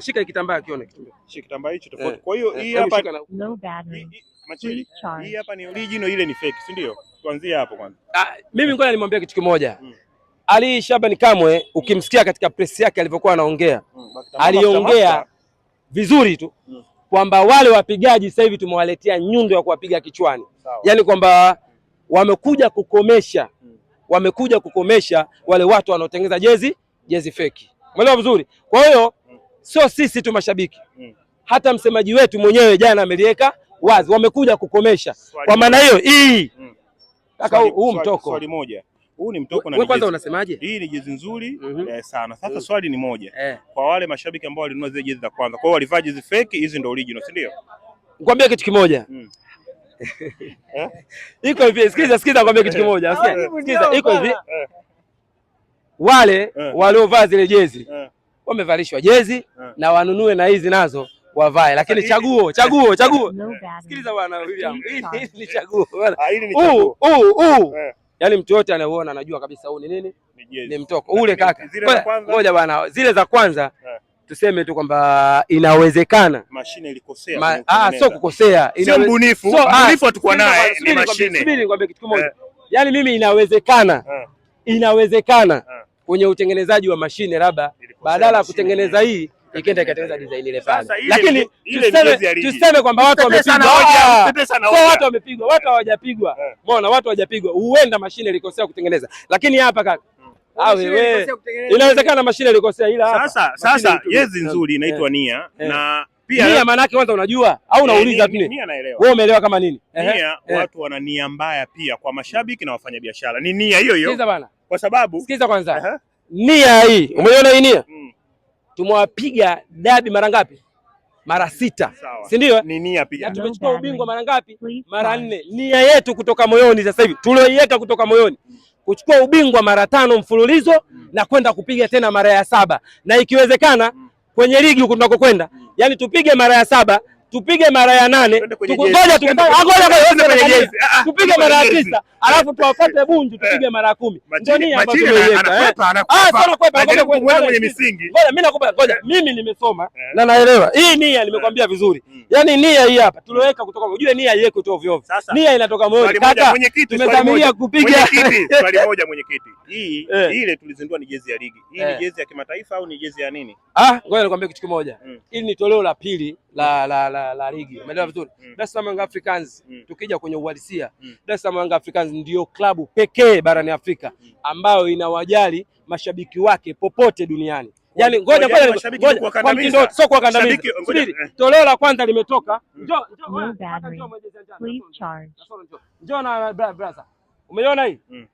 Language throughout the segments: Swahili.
Shika kitambaa kione. Shika kitambaa hicho tofauti. Eh, Kwa hiyo eh, hii hapa no hii hapa ni original, ile ni fake, si ndio? Tuanzie hapo kwanza. Ah, mimi ngoja nimwambie kitu kimoja. Mm. Ali Shaban Kamwe ukimsikia katika press yake alivyokuwa anaongea, mm, aliongea vizuri tu mm, kwamba wale wapigaji sasa hivi tumewaletea nyundo ya kuwapiga kichwani. Sawa. Yaani kwamba wamekuja kukomesha mm. wamekuja kukomesha wale watu wanaotengeneza jezi jezi feki. Umeelewa vizuri? Kwa hiyo sio sisi tu mashabiki mm. hata msemaji wetu mwenyewe jana ameliweka wazi, wamekuja kukomesha swali. Kwa maana hiyo hii mm. kaka, huu mtoko swali moja huu ni mtoko na kwanza, unasemaje? Hii ni jezi nzuri mm -hmm. eh, sana sasa mm. swali ni moja eh. kwa wale mashabiki ambao walinunua zile jezi za kwanza, kwa hiyo walivaa jezi fake, hizi ndio original, si ndio? Nikwambia kitu kimoja mm. Eh? iko hivi, sikiza sikiza, nikwambia kitu kimoja, eh. sikiza, iko hivi, eh. wale waliovaa zile jezi wamevalishwa jezi eh. na wanunue na hizi nazo wavae, lakini chaguo chaguo chaguo, sikiliza bwana William, hii ni chaguo bwana, ah, hii ni chaguo huu huu eh. yani mtu yote anayeona anajua kabisa huu ni nini? Ni mtoko ule kaka. Ngoja bwana, zile za kwanza eh. Tuseme tu kwamba inawezekana mashine ilikosea. Ma, ah, sio kukosea. Sio mbunifu. Ah, mbunifu hatakuwa naye ni mashine. Subiri nikwambie kitu kimoja. yani mimi inawezekana. Inawezekana Kwenye utengenezaji wa mashine labda badala ya kutengeneza hii ikenda ikatengeneza design ile pale, lakini tuseme kwamba watu wamepigwa, ah! watu wamepigwa, watu hawajapigwa. Eh. Mbona watu hawajapigwa? Huenda mashine ilikosea kutengeneza, lakini hapa kaka hmm. ah, inawezekana mashine ilikosea, ila sasa sasa yezi eh. nzuri inaitwa eh. nia na pia nia maana yake kwanza unajua au unauliza tu nini? Wewe umeelewa kama nini? Nia watu wana nia mbaya pia kwa mashabiki na wafanyabiashara. Ni nia hiyo hiyo. Sikiza bana. Kwa sababu sikiza kwanza. Nia hii. umeona hii nia? Hmm tumewapiga dabi mara ngapi? Mara sita, si ndio? Na tumechukua ubingwa mara ngapi? Mara nne. Nia yetu kutoka moyoni sasa hivi tulioiweka kutoka moyoni kuchukua ubingwa mara tano mfululizo na kwenda kupiga tena mara ya saba, na ikiwezekana kwenye ligi huko tunakokwenda, yani tupige mara ya saba tupige mara ya nane, ngoja ah, ah, tupige mara ya tisa, alafu tuwapate Bunju tupige eh, mara ya kumi. Ngoja mimi eh. nimesoma eh. na naelewa hii nia, nimekwambia vizuri. Hmm. Yani nia hii hapa tuliweka kutoka, ujue nia iweke tu ovyo ovyo, nia inatoka moyoni. Kaka, tumedhamiria kupiga. Swali moja, mwenyekiti, hii ile tulizindua ni jezi ya ligi, hii ni jezi ya kimataifa au ni jezi ya nini? Ah, ngoja nikwambie kitu kimoja, hmm. hili ni toleo la pili la la la, la ligi umeelewa vizuri mm. Dar es Salaam Young Africans mm. Tukija kwenye uhalisia mm. Dar es Salaam Young Africans ndio klabu pekee barani Afrika mm. ambayo inawajali mashabiki wake popote duniani yani ngoja ngoja, kwa sio Subiri, eh. Toleo la kwanza limetoka, mm. njoo njoo njoo na brother, umeona hii mm.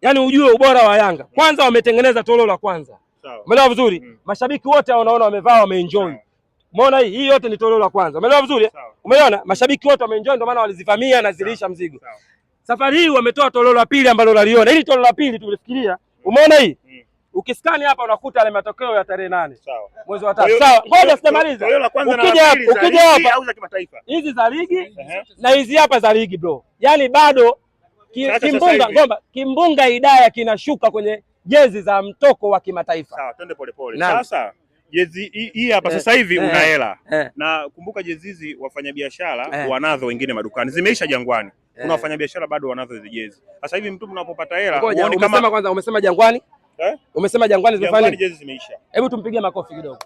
yani ujue ubora wa Yanga mm. kwanza, wametengeneza toleo la kwanza, umeelewa vizuri. mm. Mashabiki wote wanaona wamevaa, wameenjoy yeah. Umeona hii hii yote ni toleo la kwanza. Umeelewa vizuri? Eh? Umeona? Mashabiki wote wameenjoy ndio maana walizivamia na zilisha mzigo. Sawa. Safari hii wametoa toleo la pili ambalo naliona. Hili toleo la pili tulifikiria. Umeona hii? Hmm. Ukiskani hapa unakuta yale matokeo ya tarehe nane Sawa. mwezi wa tatu. Sawa, ngoja sitamaliza. Ukija hapa, ukija hapa au za kimataifa. Hizi za ligi na hizi hapa za ligi bro. Yaani bado ki, kimbunga ngomba kimbunga Idaya kinashuka kwenye jezi za mtoko wa kimataifa. Sawa, twende polepole. Sasa jezi hii hapa eh, sasa hivi una eh, hela eh. na kumbuka, jezi hizi wafanyabiashara wanazo wengine madukani, zimeisha Jangwani. Kuna wafanyabiashara bado wanazo hizi jezi sasa hivi, mtu mnapopata hela uone kama umesema, kwanza. Umesema Jangwani, eh? umesema Jangwani zimefanya nini? Jezi zimeisha. Hebu tumpigie makofi kidogo.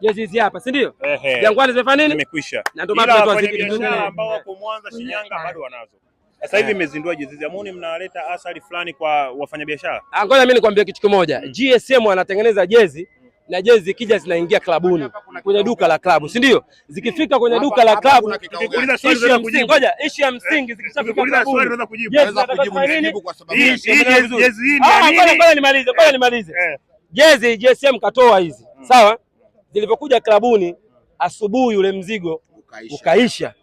Jezi hizi hapa, si ndio? Jangwani zimefanya nini? Zimekwisha. Na ndio maana watu wazidi wazikibiashara ambao wako Mwanza, Shinyanga bado wanazo. Sasa hivi mmezindua jezi za amoni mnaleta athari fulani kwa wafanyabiashara. Ah, ngoja mimi nikwambie kitu kimoja, GSM mm. wanatengeneza jezi na jezi zikija zinaingia klabuni kwenye duka la klabu, si ndio? Zikifika kwenye duka la klabu, ngoja ishi ya msingi zikishafika ah, nimalize, ngoja eh. nimalize. Eh. Jezi JSM katoa hizi, mm. sawa, zilivyokuja klabuni asubuhi, ule mzigo ukaisha,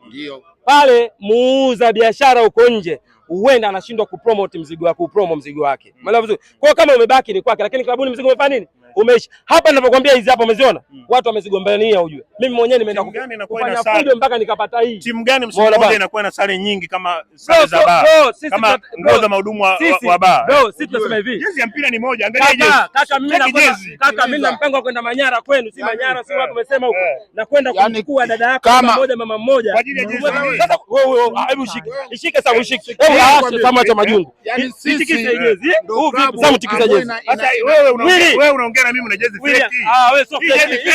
pale muuza biashara uko nje huenda anashindwa kupromote mzigo wake, upromo mzigo wake, mm. umeelewa vizuri? Kwa hiyo kama umebaki ni kwake, lakini klabuni mzigo umefanya nini? umeisha hapa ninapokuambia hizi hapa umeziona? mm watu wamezigombania ujue. Mimi mwenyewe nimeenda kufanya fujo mpaka nikapata hii. Timu gani msimu mmoja inakuwa na sare nyingi kama sare za baa. Kama ngoo za mahudumu wa wa baa. Bro, sisi tunasema hivi. Jezi ya mpira ni moja, angalia jezi. Kaka mimi na kaka mimi na mpango wa kwenda Manyara kwenu, si Manyara si wapi umesema eh. huko. Eh. Na kwenda yaani kumchukua dada yako mmoja mama mmoja. Kwa ajili ya jezi. Sasa wewe hebu shike. Ishike sasa ushike. Hebu aache kama cha majungu. Yaani sisi huu vipi sasa mtikisa jezi. Sasa wewe unaongea na mimi una jezi fake. Ah, wewe sio fake.